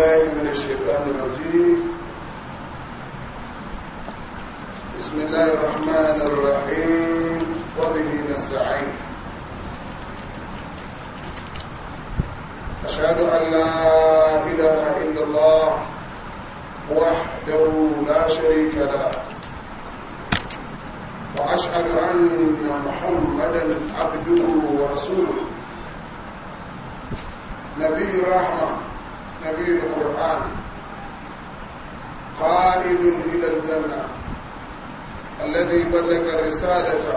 بالله من الشيطان الرجيم بسم الله الرحمن الرحيم وبه نستعين أشهد أن لا إله إلا الله وحده لا شريك له وأشهد أن محمدا عبده ورسوله نبي الرحمه نبي القرآن قائد إلى الجنة الذي بلغ الرسالة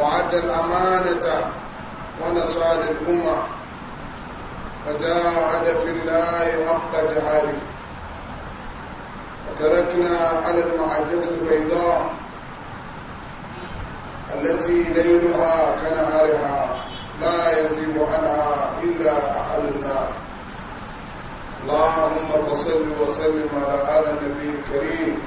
وعد الأمانة ونصال الأمة فجاهد في الله حق جهاده وتركنا على المعجة البيضاء التي ليلها كنهارها لا يزيد عنها إلا النار اللهم فصل وسلم على هذا النبي الكريم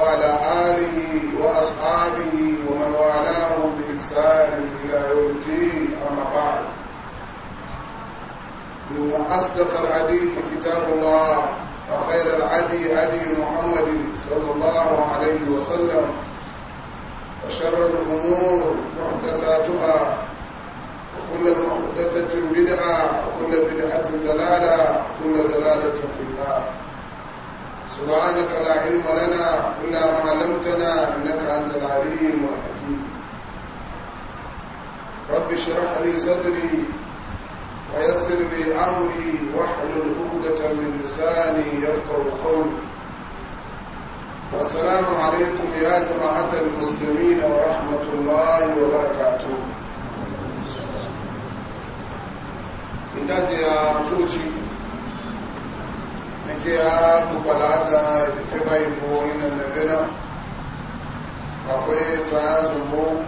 وعلى آله وأصحابه ومن والاهم بإحسان إلى يوم الدين أما بعد من أصدق الحديث كتاب الله وخير العدي هدي محمد صلى الله عليه وسلم وشر الأمور محدثاتها كل محدثة بدعة وكل بدعة دلالة وكل دلالة في النار سبحانك لا علم لنا إلا ما علمتنا إنك أنت العليم الحكيم رب اشرح لي صدري ويسر لي أمري واحلل عقدة من لساني يفقه قولي فالسلام عليكم يا جماعة المسلمين ورحمة الله وبركاته daji ya coci nake ya dukwala da rufe bayi bo ina nabena akwai tsaya zumbo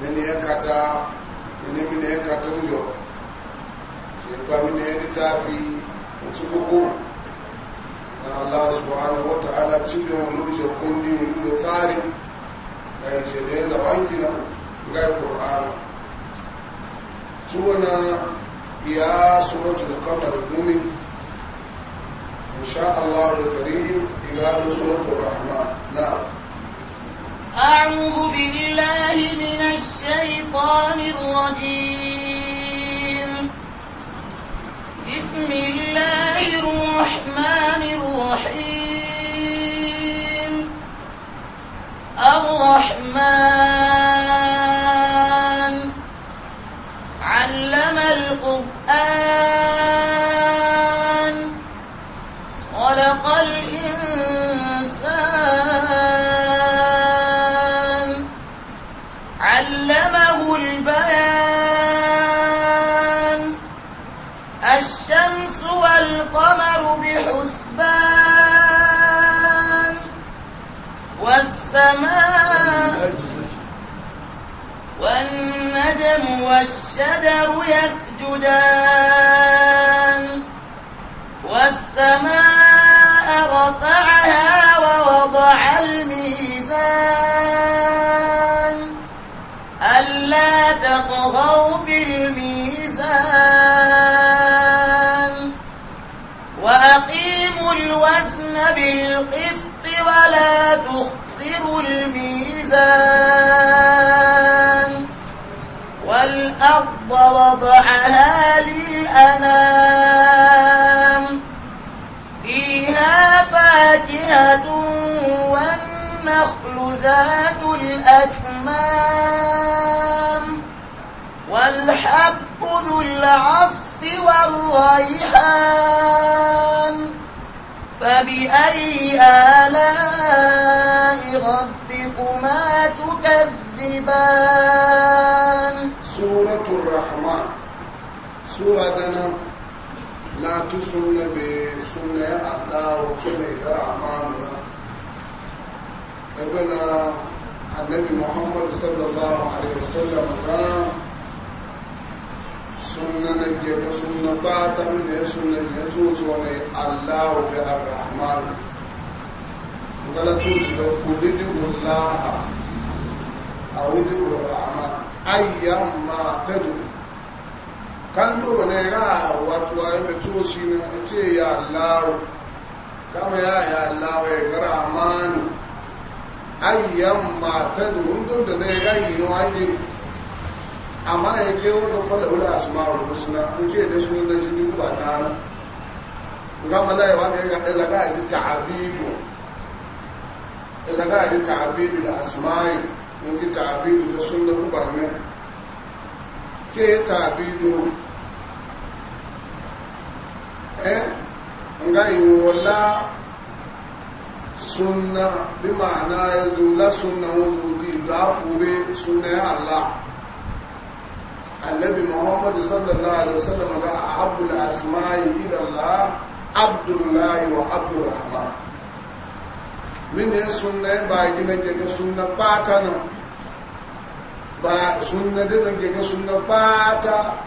mini ya kata ini mini ya kata uyo shekwa mini ya littafi mutu gugu na allah subhanahu wa ta'ala cikin wulujo kundi wulujo tsari da yace da ya zaban gina ga qur'ana suna يا سورة القمر المؤمن إن شاء الله الكريم إلى سورة الرحمن نعم أعوذ بالله من الشيطان الرجيم بسم الله الرحمن الرحيم الرحمن والقلم والشجر يسجدان والسماء رفعها ووضع الميزان ألا تطغوا في الميزان وأقيموا الوزن بالقسط ولا تخسروا الميزان ووضعها للأنام فيها فاكهة والنخل ذات الأكمام والحب ذو العصف والريحان فبأي آلاء ربكما تكذبان سورة الرحمن sura dana na tu sunna be sunna ya Allah wa sunna ya Rahman na annabi Muhammadu sallallahu alaihi wasallam ga sunna na ke da sunna ba ta mu ne sunna ya zuwa ne Allah bi Rahman kala tuci da kudidu Allah a wudu Rahman ayyamma tadu kan doro ne ga wato ayi da ne a ce ya Allah kama ya ya Allah ya garaman ayyan matan hundun da ne ga yi no ayi amma ya ke wanda fada wala asma'ul husna kuke da sunan da shi ba na ga malai wa ga ɗaya zaga ji ta'abidu zaga ji ta'abidu da asma'i mun ji ta'abidu da sunan kubar ne ke ta'abidu eh nga yi wala sunna bi ma'ana ya zula sunna wujudi da fure sunna ya Allah annabi Muhammadu sallallahu alaihi wasallam ga da asma'i ila Allah abdullahi wa abdurrahman min ya sunna ba gina ke sunna patana ba sunna da ke sunna pata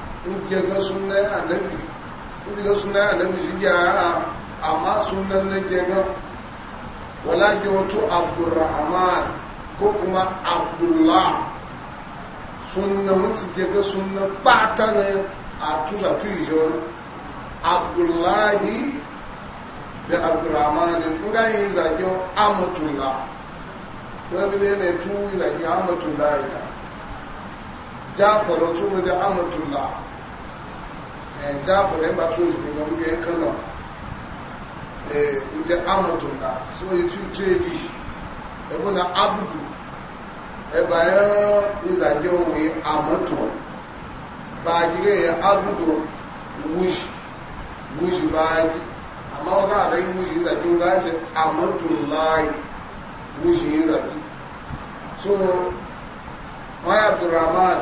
ke sunna annabi ga suna annabi shi ya a amma sunan na kenan walaki wato abdurrahman ko kuma abdullah sunna mutu ke ga sunna bata ne a tuza tuyi shi wani abdullahi da abdurrahman in ga yi zagen amatullah wani bile ne tuyi zagen amatullah ya jafaru tumu da amatullah jáfẹ̀rẹ̀ ńgbà tó ìpín lọ lórí ẹ̀kan náà ǹjẹ́ amọ̀tò náà sóyí yi ó tó èlì na abudu ẹ̀bà ẹ̀rán ìzàjẹ́ òwe amọ̀tò bàgìrẹ̀ yẹn abudu wúṣì wúṣì báyìí àmọ́ ọ̀gá àrẹ wúṣì ìzàjẹ́ òwe ẹ̀sẹ̀ amọ̀tò láàyè wúṣì ìzàjẹ́ so wọ́n yà Abdulrahman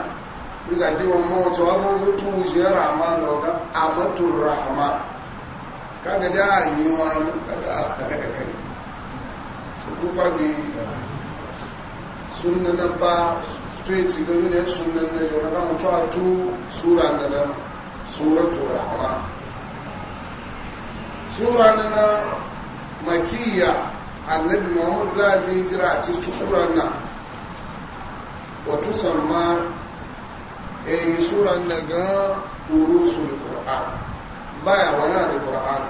wa iza diwa mawace wabo gutu wujiyar rahman ga wakan amatun rahman kaga da a yi wani kaga su kufa bi sunna na ba straight ga yi ne sunna na yi wani kan mutuwa tu sura na da suratu rahman sura na na makiya annabi muhammadu lati jira a cikin sura na wato samar eyi suran daga urusul qur'an baya wani alquran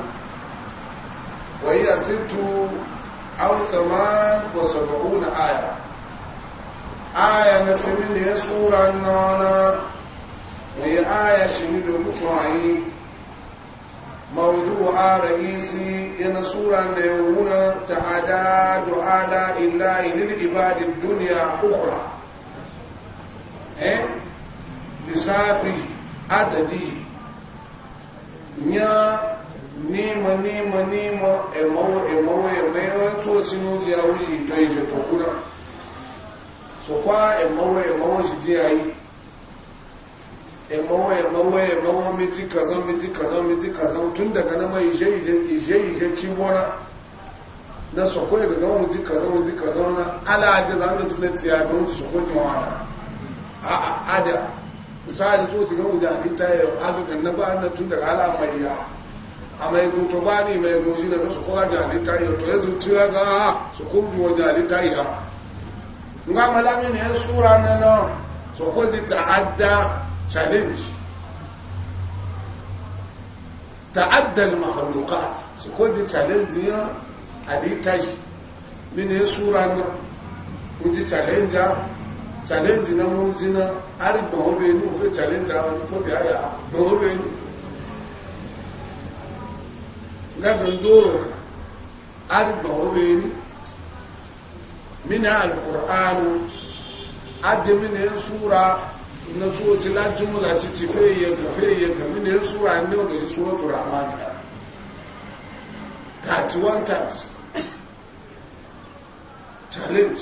wa hiya sittu aw thaman wa sab'un aya aya na femini ya suran nana wai aya shini da mutuwayi mawudu a rahisi yana suran da ya wuna ta'ada du'ala illa ilil ibadin duniya ukura eh lissafi adadi ya nima nima nima emawo emawo emawo tó tí ní oúnjẹ awúrí ìtọ́ ìṣẹ̀ tó kúrò sọkwá emawo emawo sì dí ayé emawo emawo emawo méjì kazan méjì kazan méjì kazan tun daga nama ije ije ije tí wọ́nà na sọkwá ìgbẹ̀gbẹ̀ wọn méjì kazan méjì kazan na ala lánàá tí ní ti àgbẹ̀ oúnjẹ sọkwá tí wọ́n wà misali to tiga wuja abin tayo aka na ba na tun daga ala amariya a mai goto ba ne mai goji daga su kowa ta yau. to yanzu tira ga su kurdu wa yi ha nga malami ne sura na na su ko ji ta'adda challenge ta'adda al-makhluqat so ko ji challenge ya yi. tayi ya sura na uji challenge challenge na mujina ari gbogbo bẹ ní òfin challenge àwọn onífọ́bì àyà gbogbo bẹ ní gbàgbọ́ ndóòrò ari gbogbo bẹ ní mini alukur'an adi mini nsúra na tó ti lájúmọ́ láti ti fẹ́ yẹ kà fẹ́ yẹ kà mini nsúra ní challenge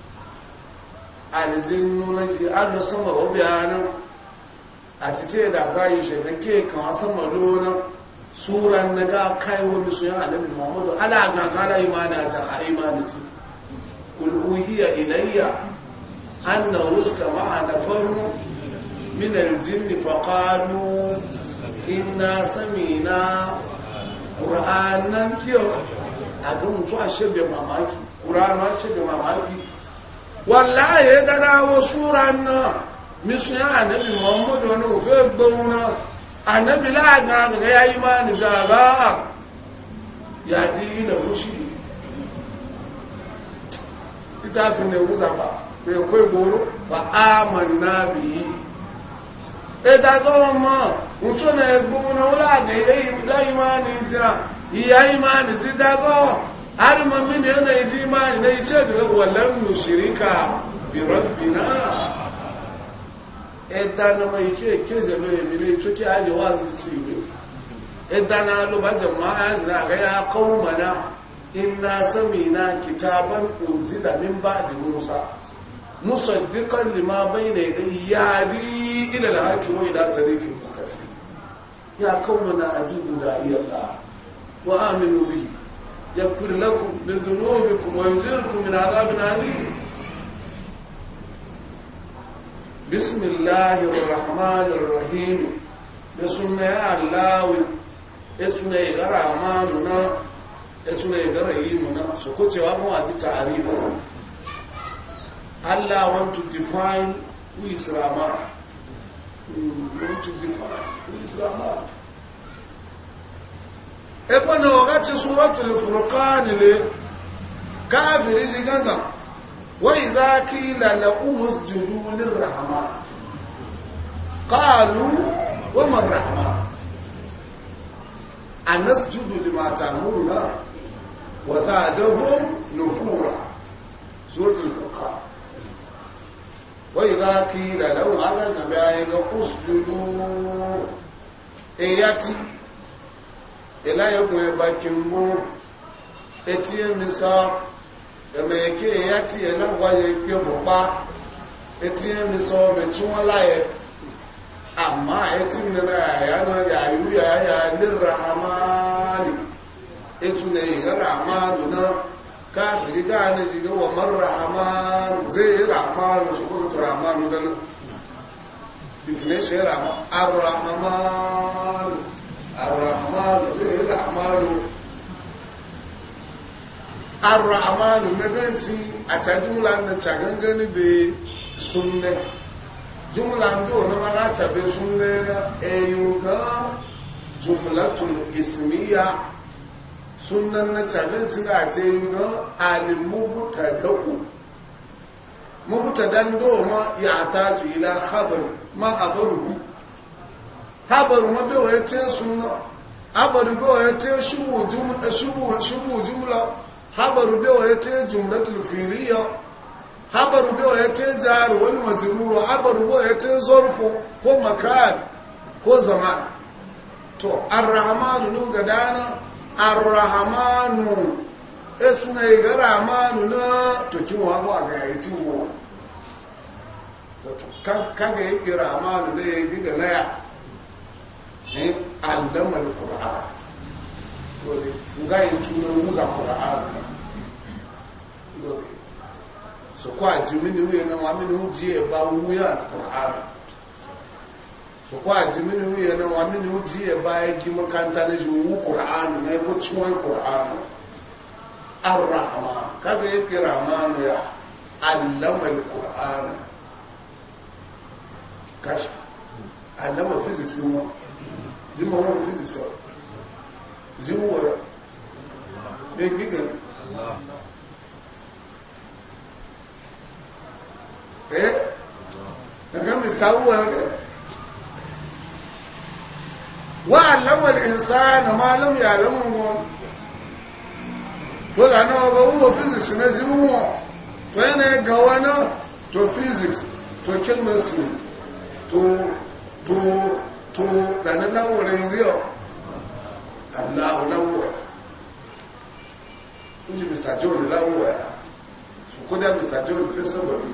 alijinnu na fi ado sama obiyanin a cice da za yi shekan ke kan sama lona suran na ga kai wa bisu ya annabi muhammadu ala ga kala a su ilayya annahu istama'a nafaru min aljinn faqalu inna samina mutu a mamaki mamaki wàláyé dáadáa wo súra náà mísùn yá ànábì muhammadu wọn ò fẹ́ náà ànábì láàgbà àgbẹ̀gẹ́ yá yí máa nìjà bá yàtí yìí nà ó ṣì títà fi nà ewu zàbà pé kó ìgboro fa ámà náà bì í ọmọ òtún nà náà ó láàgbẹ̀ yá yí máa nìjà ìyá yí máa nìjà dágọ́ har man min yana yi jimani na yi ce da wallan mu shirika bi rabbina ẹ̀dá na mai ike kéze ló yẹ bílé tókè ayé wá sí ti ìwé ẹ̀dá na ló bá jẹ mọ́ ayé na àgáyà kọ́wọ́ mọ́ná iná sami na kitaban da min ba di musa musa dikan dukkan lima bai na idan yari ila da haki wai da tare ki fuskafi ya mana kawmana ajibu da iyalla wa aminu bihi يغفر لكم من ذنوبكم ويجيركم من عذاب عليم بسم الله الرحمن الرحيم بسم الله اسمه غراماننا اسمه الرحيم سكوتي وامو أتي تعريف Allah want to define who is Rama. Mm, want to define who is Rama. ebe na ọgachi suratul furqan le kafiri ji ganga wai za kila lakum usjudu lirrahman qalu wa man rahman anasjudu lima ta'muruna wa zadahum nufura suratul furqan wai za kila lakum ala nabiyyina usjudu eyati ya ilayegun bakin mu eti emisa emeke eyati elawaye pe pupa eti emisa obe tí wọ́n láyẹ àmá eti nínú yu náà yàyú yàyà léràhámánì etu ne yi rahamanu na kafiri gane shi ga wamar rahamanu zai yi rahamanu su kuma to rahamanu ganin definition ya rahamanu ar rahamanu الرحمن غير الأعمال الرحمن مبنتي أتجملا نتشغنغن بسنة جملة ندور ما بسنة أيوكا جملة الإسمية سنة نتشغنتي أتيوكا المبتدأ مبتدأ دوما يحتاج إلى خبر ما خبره habaru ma bai waye te sunna habaru bai waye te shubu jumla shubu shubu jumla habaru bai waye te jumlatul fi'liya habaru bai waye te jar wal majrur habaru bai waye te zarfu ko makar ko zaman to arrahmanu nu gadana arrahmanu esuna ga rahmanu na to kinwa ba ga yi tiwo kaga yake ramanu ne bi ga laya ne allama alquran gobe ngai tuna muza quran gobe so kwa jimini huyo na wamini ujie ba huya alquran so kwa jimini huyo na wamini ujie ba ekima kantane ju quran na ebo chwa quran arrahman kaga yake rahman ya allama alquran kashi allama physics ne zima wọn fi ti sọ zimu wọrọ bẹ gbígbẹ ẹ ẹgbẹ mr wọrọ wa alamar insa na malam ya alamun wọn to da nawa ba wuwa physics na zimu wọn to yana gawa na to physics to chemistry to to to zane lawore ziyo allahu lawore inji mr john lawore su koda mr john fi sababi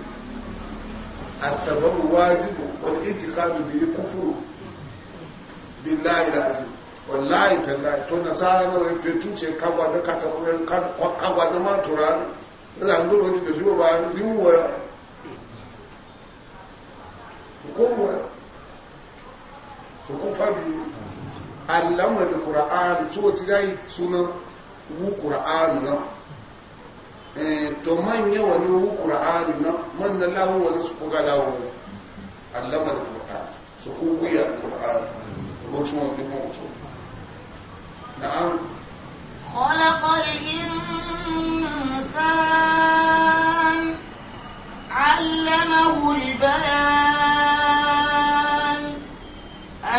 asababu wajibu wani itikadu bi kufuru billahi lazim wallahi tallahi to nasara na wani fetuce kagwa da kagwa da maturanu ina ndoro ji da zuwa ba riwuwa su kowa sukun fabi allama bi qur'an to ti dai suna wu qur'an na eh to man ya wani wu qur'an na man na lawo wani su kuga lawo allama bi qur'an su ku wuya qur'an ko su mun ko su na'am خلق الإنسان علمه البيان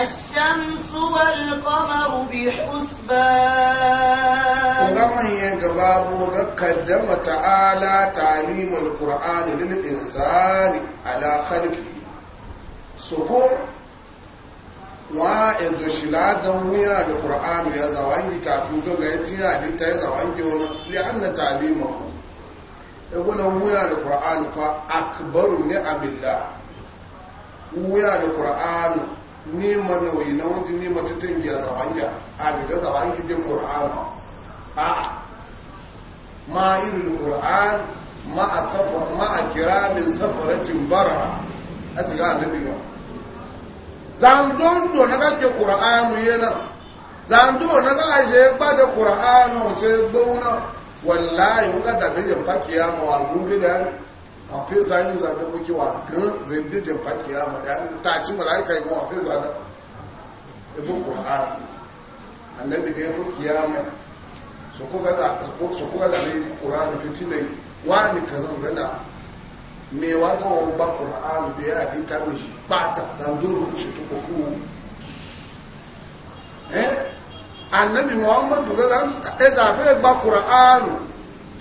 الشمس والقمر بحسبان وغما يغباب وقدم تعالى تعليم القرآن للإنسان على خلقه سكو wa yanzu shila don wuya da ƙura'anu ya zawangi kafin gaga ya tiya ta ya zawangi wani li'anna talimin ya gudun wuya da ƙura'anu fa akbaru ne abilla wuya da ƙura'anu nima na wai na wani nima ta tangiya zawanya a daga zawanki jin ƙur'an a ma irin ƙur'an ma a safar ma a kira min safaratin bara a a annabi ba zandondo na kake ƙur'anu yana zando na za a shi ba da ƙur'anu ce zauna wallahi ga da bijin fakiya ma wa gudu wa àfíìsà zai ìsàdé mú kí wà gán zèbíjì pàkì àmàdà yi màláìka ìwọ̀n àfíìsà náà ebó kùrán annabi ne fi kiyama su kuka da ne ƙura'an fitilai wani ka zangana mai wakawa ba ƙura'an da ya ta mishi bata don duru shi tuku kuhu eh annabi muhammadu ga zan ɗaya zafi ba ƙura'anu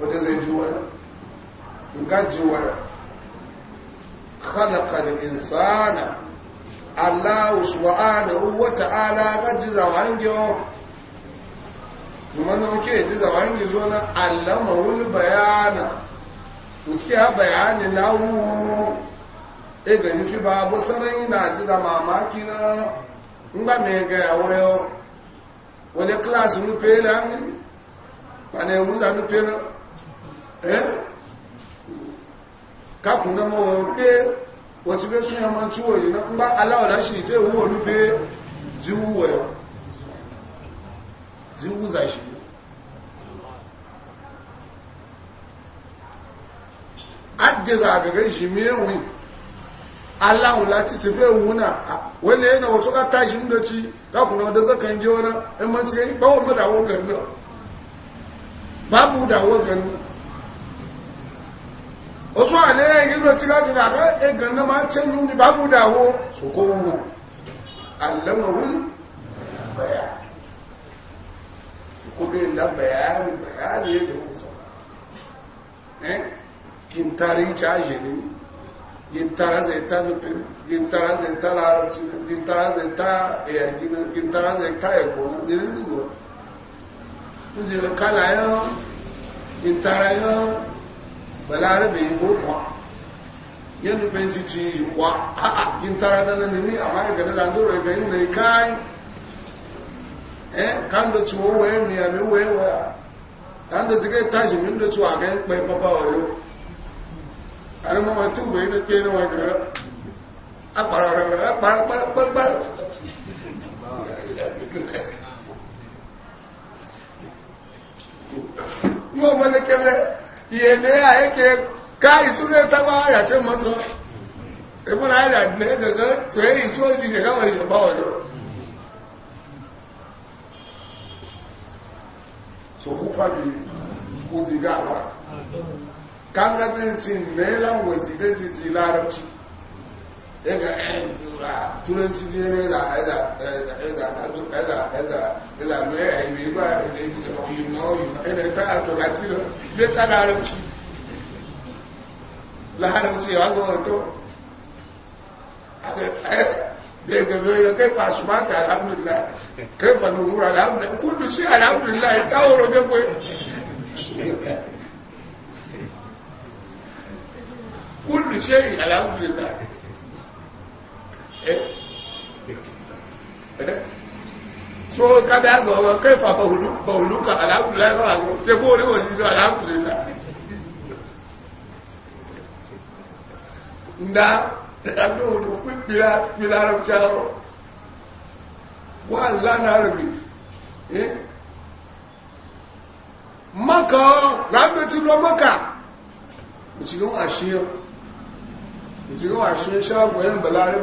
wanda zai ji wani ga ji wani khalaqal insana Allah subhanahu wa ta'ala ga ji zawangiyo kuma na muke ji zawangi zo na allama wul bayana mutuke ha bayani lawu e ga yi fi babu sanan yana ji zama maki na ngba me ga yawo wani class mu pela ni ba ne mu za mu pela Eh? kakùn náà mọ́ pé wọ́n ti fẹ́ tún ẹmọ yìí náà ń bá aláwọ̀dá ní pé ziwu wẹ̀ ziwu àgẹ̀gẹ̀ ṣì mí ẹ̀wìn aláwọ̀ láti ti fẹ́ wù náà wọ́n lè náà wọ́n tó ká ń lọ tí náà kan oṣù àná ẹ̀yìn ló ti láti rà kọ́ ẹ̀gàn náà máa ń tẹ́ ní bábúdà wo ṣòkó wo àlẹ́wọ̀n wí bẹ̀yà ṣòkó bí ìlà bẹ̀yà rí bẹ̀yà rí èdè wọn sọ ẹ́ kí n tarí ìṣá yẹ̀lẹ́ ní pẹ̀lú yìí ń tara zẹ̀ ta láàárọ̀ tí yìí ń tara balarabe yi ko yadda benci ci yi kwa a'a yin tara da nan ne amma ga na ga mai eh kan da ciwo waye ya mi waye waya kan da tashi min da ciwo a ga bai baba wayo ana ma wata bai na na a parara a mana yene ayeke ka isure taba aya se mo so e mo na aya ne gaga to e isu ji je ka wa je ba wa jo so ku fa bi ku ti ga wa kanga tin tin ne la wo ti be ti ti la ro daga turanci fere da ìlànà ẹ̀mí bá ilẹ̀ ìgbìyànjú ẹ̀rẹ̀ tá àtọ̀lá tí lọ lé tàbí ààrùn sí láàrín sí àwọn ọ̀tọ́ gẹ̀gẹ̀gẹ̀ kẹfà ṣùgbọ́n alhamdulillah kẹfà ló múra alhamdulillah kúlù sí alhamdulillah ìtawòrò gbẹ́gbẹ́ kúlù sí alhamdulillah so kábẹ́ àgọ̀ ọmọ kẹfà bọ̀ọ̀lùkà aláàbùlẹ̀ sọ̀rọ̀ àgọ̀ tẹ́gbó orí wọ̀n sísọ aláàbùlẹ̀ ndá ẹ̀dọ́gbọ̀dọ̀ fún ìpìlá rẹ̀ ṣe wà lánàá rẹ̀ rẹ̀ Maka ọ ti lọ mọ́kà òtí ló wà ṣe ọ ẹ̀ ń bẹ̀lá rẹ̀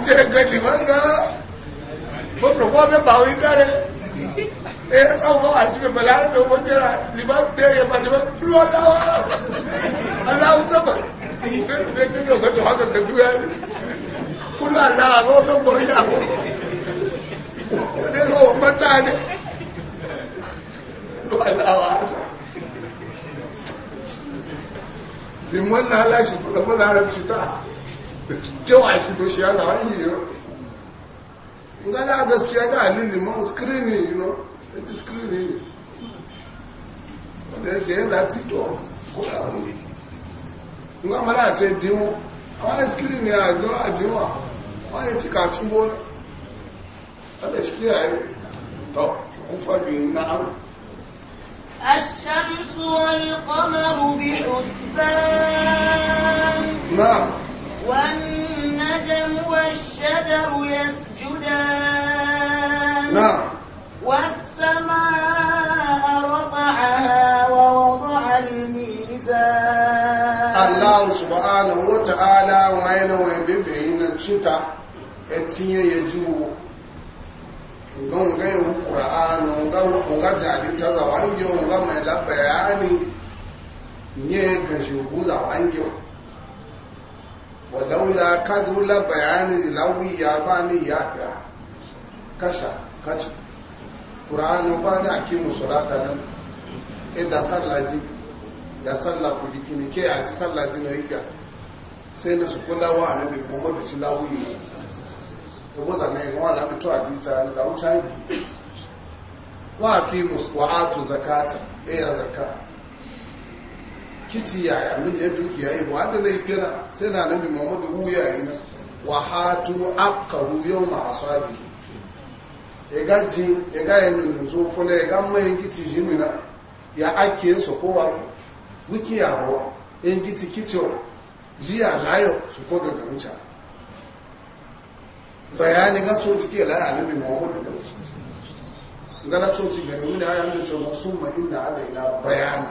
wuce ga liman ga mafi kuma bai ba wani dare eh tsawon ba a shi mai balar da wani jira liman da ya ba liman kuru allawa allahu saba bai fi da gwada haka ka duya ne kuru allawa ba wani gbori ya ko wani rawa mata ne kuru allawa liman na halashi kuru da mun harafci ta cewa shi to shi ya yi yo nga da gaskiya ga alili ma screen you know it is screen ne da ke da tito ko da wani nga mara ce dimo awa screen ne a jo a dimo awa ya tika tumbo ala shi kiyaye to ku fa bi الشمس والقمر بحسبان نعم والنجم والشجر يسجدان نعم والسماء رفعها ووضع الميزان الله سبحانه وتعالى وين وين بين شتاء etinye ya juwo nga nga ƙura'anu nga nga jadita za wangiyo nga mai labayani nye gashi guza wangiyo walaula kadula bayani lawi ya bani ya da kasha kaci ƙura'anu ba da ake musulata nan e da sallaji da sallah ku dikini sallaji na yiga sai na su kula wa annabi muhammadu ci lawi ne da wanda ne ga wala mutu a disa na da wuce wa ki musu wa'atu zakata e ya zakata kici yaya mini ya dukiya yi ha da na ikira sai na nabi muhammadu wuya yi wa hatu akaru yau ma asabi ya ga jin ya ga yin nunin ya ga ji mina ya ake yin kowa wiki ya bo yin kici kicin jiya layo su ko bayani ga so nabi muhammadu so wuni a inda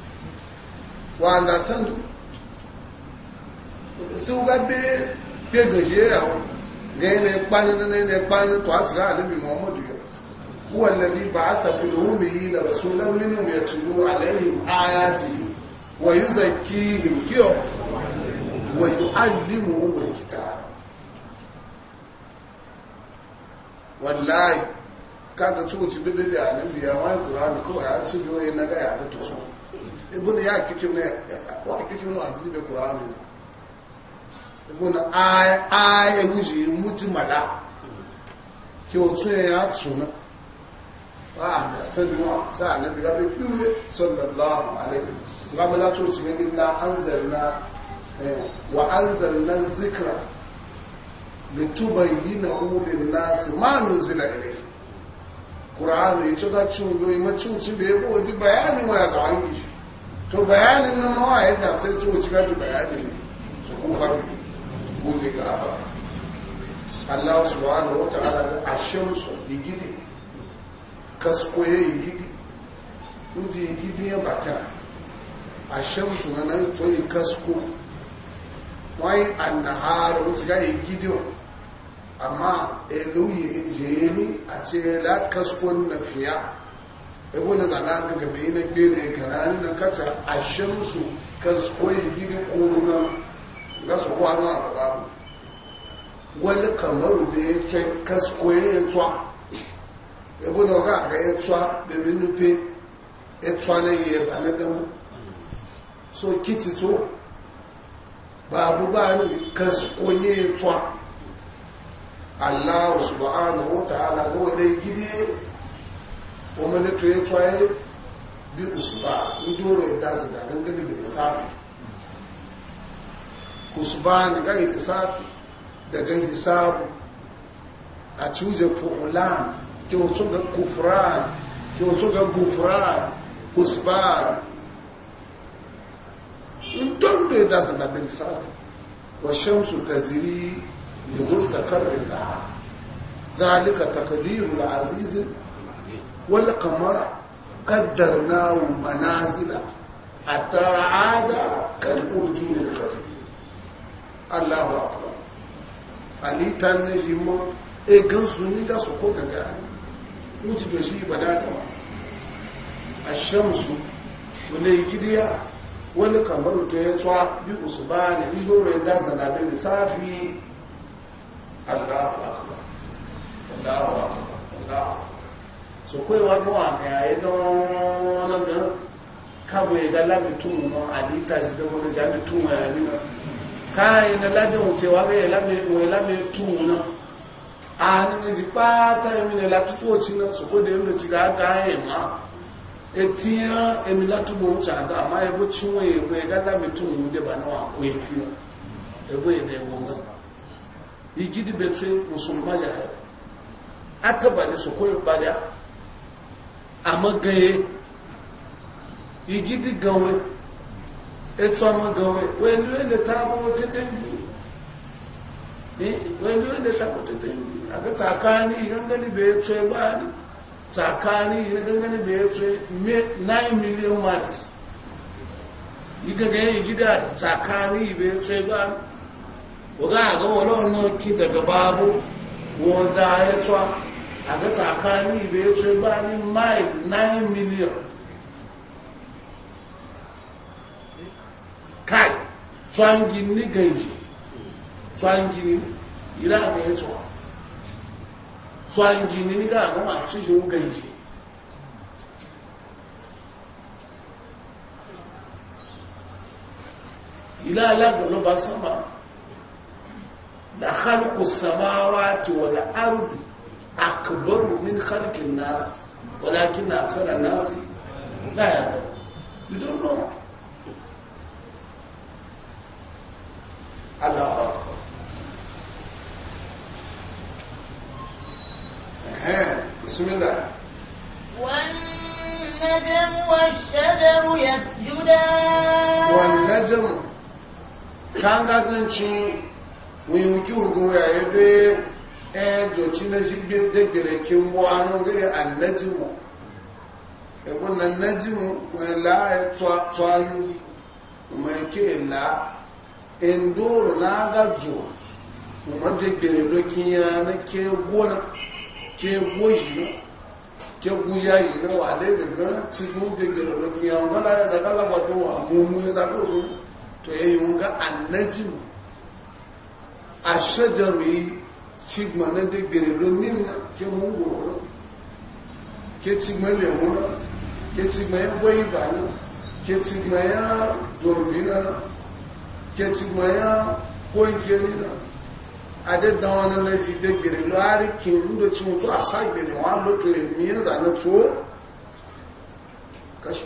wa understand si wo ka gbé gbé gèjì àwọn gẹ́yìn ní pani ní ní pani tó a ti to àlebi muhammadu yẹ wúwo nàdí bá a sàfihàn òun mi yí lọ sọ lẹ́wọ́n nínú mi ẹ̀tù ló àlẹ́yìn ayá ti yí wọ́n yóò sọ kí ìrùkí ọ̀ wọ́n yóò á wa mu òun kìtà wọ́n láàyè káàkiri tó ti ibn ya kici ne wa kici ne azizi be qur'an ne ibn ay ay wuji mujmala ki o tun ya tsuna wa understand wa sa annabi ga be kiwe sallallahu alaihi wa wasallam la to ci ne inna anzalna eh, wa anzalna dhikra litubayyina lin nas ma nuzila ilayhi qur'an yato da cin goyi macin ci be ko di bayani ma ya zangi to bayanin nan mawa ya ta sai ciwo cika ta bayanin su kufa ko zai ga afa Allah subhanahu wa ta'ala da ashamsu igidi kasko ya igidi uji igidi ya bata ashamsu na nan to yi kasko wai annahar uji ga igidi amma eluyi jeni a ce la kasko na fiya ebo na zana ga gabe na gbe ne, gbere karani na kata a shamsu kan su koyi gidi koruna ga su kwano a gaba mu wani kamaru da ya ce kan su koyi ya twa ebo na ga ga ya twa da min nufe ya twa na yi ba na damu so kiti to babu ba ni kan su koyi ya twa Allah subhanahu wa ta'ala ga wadai gidi wọ́n mẹ́lẹ́ tó yẹ tó ayé bí òṣùbà ń dóró ẹ̀dá àzìdá gẹ́gẹ́ bí bẹ̀rẹ̀ sáfì òṣùbà nìkan yìí sáfì daga hisabu a cuje fu'ulan ke wato ga kufran ke wato ga gufran usba in ya to da san da bin safi wa shamsu tajri li mustaqarrin laha zalika taqdirul aziz wal qamara qaddarnahu manazila a ada kal urjun al qadim ali tan ne jimo e gan suni da su ko gaga mu ci to shi ibada wala gidiya wani kamar to ya tsuwa bi usbani ya dasa da bin safi Allah so koyewa ko a yayi don nan da kabo ya ga lamin tumu ma alita shi da wani jami tumu ya yi na kayan na ladin wucewa ga ya lamin tumu na a hannun ji pata ya mine latutu oci na so ko da yadda ci ga aka haye ma etiyan emi latubu wuce a da amma ya bo cinwe ya mai ga lamin mu de ba na wa ko ya fi ya bo ya da ya goma igidi betre musulma ya yi ataba ne so ko ya bada ama gaye igidi gawe etu ama gawe welu ele tabo tetengi welu ele tabo tetengi aga tsakani gangani betwe bani tsakani gangani betwe 9 million watts igagaye igida tsakani betwe bani oga aga wala wannan kin daga babu wanda ya tsawa a ga tsakanin ibe ya ce ba ni mile 9 million kai tsangin ni gaiji tsangin ni ila ga ya tsawa tsangin ni ga ga masu shi gaji ila alaga lo ba sama da khalqu ti wani ardi akbaru min khalqin nas walakin aksara nas la ya'lam you don't know Allah بسم الله والنجم والشجر يسجدان والنجم كان قد نشي ويوجوه قوي عيبه ejoci na jibbe da birekin wani gaya annajimu ebun nan najimu mai laye tsayoyi mai ke la indoro na gajo kuma da birekin ya na ke na, ke goji ke yi daga cikin da birekin ya wala ya daga labatun ya ya a yi chigma na ndị gbere ro nina ke ke chigma lemu na ke chigma ya gwaiba na ke chigma ya dorbina na ke chigma ya koikeni na adédáwọn ọlẹ́jì dé gbèrè lọ àárí kí n ló tí wọ́n tó àṣà ìgbèrè wọn lótò èmì ìrànà tó kàṣù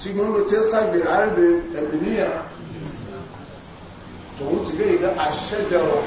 tí wọ́n ló tí ó sàgbèrè àárí ẹ̀mì níyà tòun ti gbé ìgbà àṣẹ́jẹ̀wọ̀n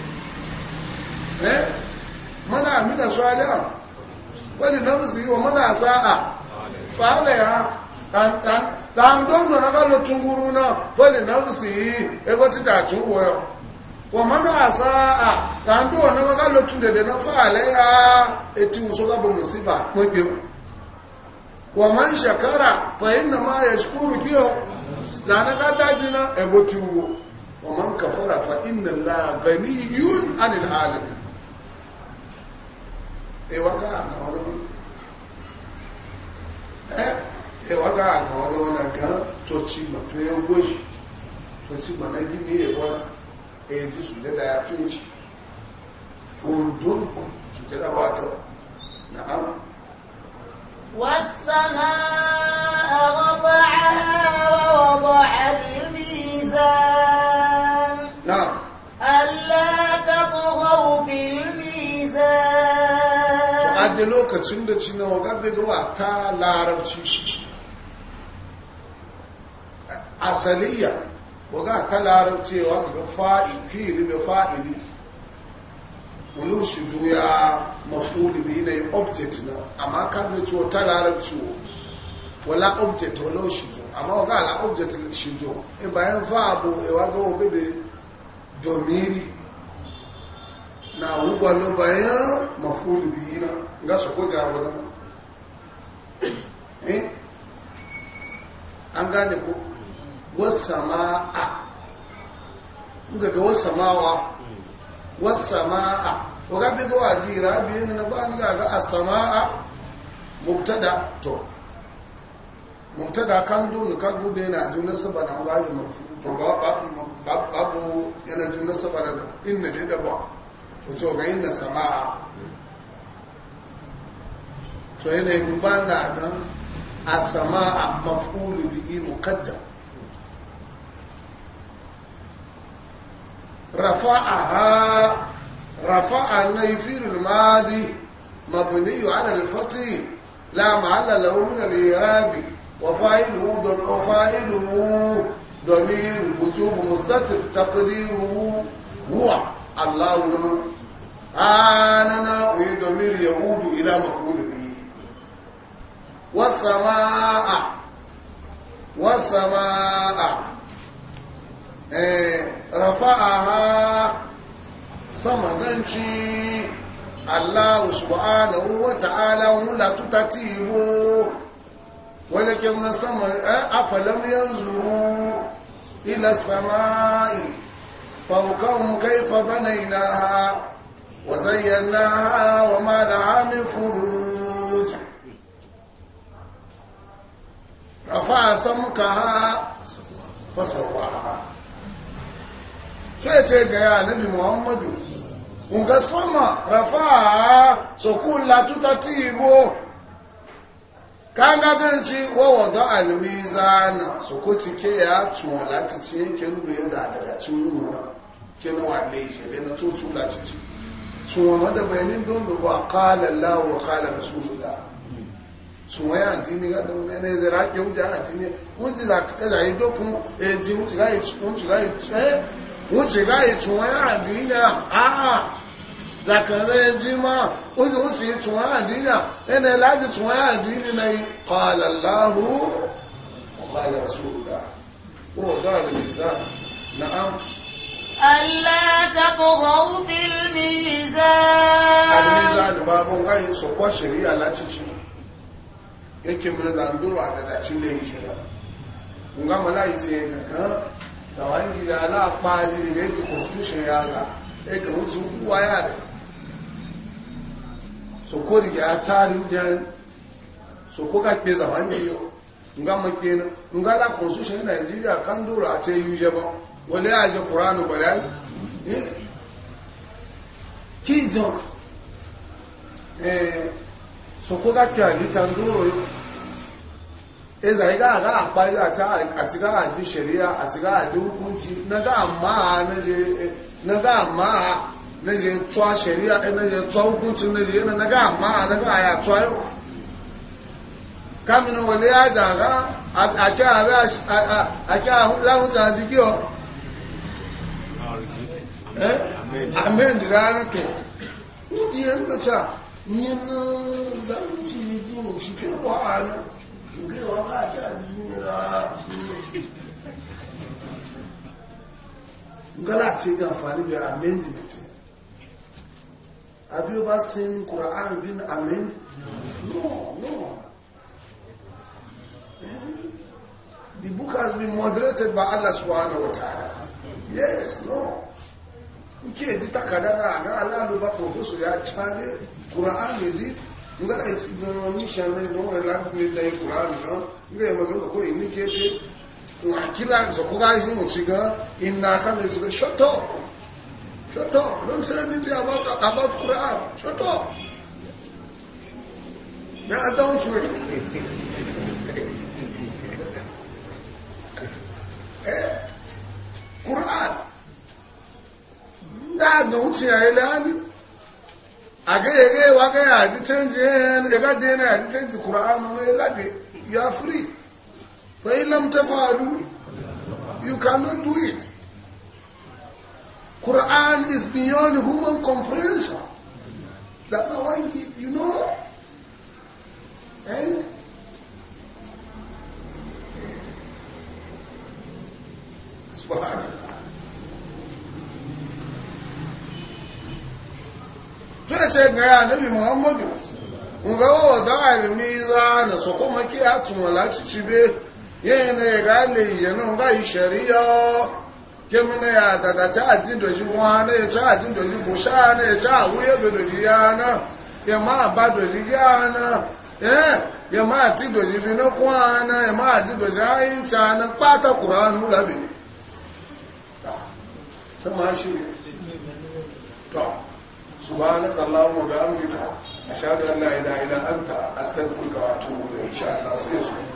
ne? Eh? mana amina salihan wani namsi wa mana sa'a fa'ala ya dan dan dan don na ga lo tunguru na wani namsi e ko ti ta tun wo yo wa mana sa'a dan don na ga lo tunde de na fa'ala ya e ti uso ga bo musiba mo gbe wa man shakara fa inna ma yashkuru kiyo zana ga dajina e bo tuwo wa man kafara fa inna la ghaniyun anil alamin ewa ga àná ọlọ́run ẹ ewa ga àná ọlọ́run na gan tó ti gbà tó yẹ owó yìí tó ti gbà náà gbígbé والسماء وضعها ووضع الميزان da lokacin da ci nawa gabe gawa ta larabci asaliya waga ta larabcewa ga fa'ili fili da fa'ili wani juya mafuli bi yi object na amma kan da ciwo ta larabci wala object wala shi jo amma waga ala object shi jo e bayan fa e waga wabe da domiri na wugwa lo bayan mafulu biyu na ga su ko jawo eh an gane ko wasama'a nga ga wasamawa wasama'a wa ga bi ga waji rabi ne na ba ni ga ga asama'a mubtada to mubtada kan dun ka gude na juna na ga yi mafu to ba babu yana juna sabana da inna da ba وتوبعين سبعة توين يبان عن السماء مفعول به مقدم رفعها رفع النيفير الماضي مبني على الفتح لا محل له من الإيراب وفاعله وفاعله ضمير وجوب مستتر تقديره هو Allah nu anana uyi domir yahudu ila mafulu bihi wasama'a wasama'a eh rafa'aha samaganci Allah subhanahu wa ta'ala wula tutatibu walakin sama eh, afalam yanzuru ila sama'i فوقهم كيف بنيناها وزيناها وما لها من فروج رفع سمكها fasawaha cece ga ya nabi muhammadu nga sama rafa ta tutatibo kanga ganci wawa don almiza na su kuci ke ya tuwa latici yankin da ya zada da ciwo na wale da na tutu latici wadda bayanin don da ba kala lawa kala ya addini ga da wuce a addini wuce za ka ɗaza yi dokun eji wuce ga yi eh, tuwa ya addini a a zakare jima ojú ó sì tún àdínà ẹnẹ láti tún àdínà náà kọlàláhù ọ̀pàá rasúlùdá wọ́n dá àlèmìsá náà alátàkọ̀wọ́ fílmìsá alèmìsá àdìbà bọ́ngá yìí sọ̀pọ̀ ṣẹ̀rí aláṣíṣí yake mìíràn làndúrò àdàdàtí lè ìṣẹ̀lá ngá mọ́lá yìí ti ẹ̀yìn kan tàwọn ìgbìyà aláàpá ilẹ̀ ètò constitution yára wuce ti wúwáyà rẹ̀ so ko riga ya tsari wujen so ko ka kpe zama ne yau nga ma kpe na nga la constitution na nigeria kan dora a ce yuje ba wale aje je kuranu ba dai ki jo. eh so ko ka kpe ali tan doro yau e zai ga ga apa a ta a ti ga a ji shari'a a ti ga a ji hukunci na ga amma na je e. na ga amma na je tsuwa shari'a e na je tsuwa hukuncin na je na ga amma a na ga a ya tsuwa yau kamina ya a kya a eh amen da ke ndi yan da ca yin zanci jin shi ngala ce ta amfani da amen da Have you ever seen Quran being amended? No, no. The book has been moderated by Allah subhanahu wa ta'ala. Yes, no. Nke edita kadana aga ala luba professor ya chade Quran edit ngala isinonyesha ndio la kuenda Quran no ngale magoko kwa indicate wakila nzokuga izimutsiga inakana know, shut up Shut up. Don't say anything about, about Quran. Shut up. They don't adultery. eh? Quran. That don't say Ilan. Again, again, again. I did change it. Eh, again, I did change the Quran. Eh, you are free. But you cannot do it. Quran is beyond human comprehension. That's not why you, you know. Eh? Subhanallah. Zai ce ga ya Nabi Muhammadu, mu ga wa da alimi za na so kuma ki a tumala ci cibe yayin da ya ga le yana ga shari'a kemina ya dada ca ajin doji wana ya ca ajin doji busha na ya ca awuye be doji yana ya ma ba doji yana eh ya e, ma ti doji bi na kwana ya ma ti doji ayin ca na pata qur'anu labi sama shi to subhanaka allahumma bihamdika ashhadu an la ilaha illa anta astaghfiruka wa atubu ilayk insha allah sai su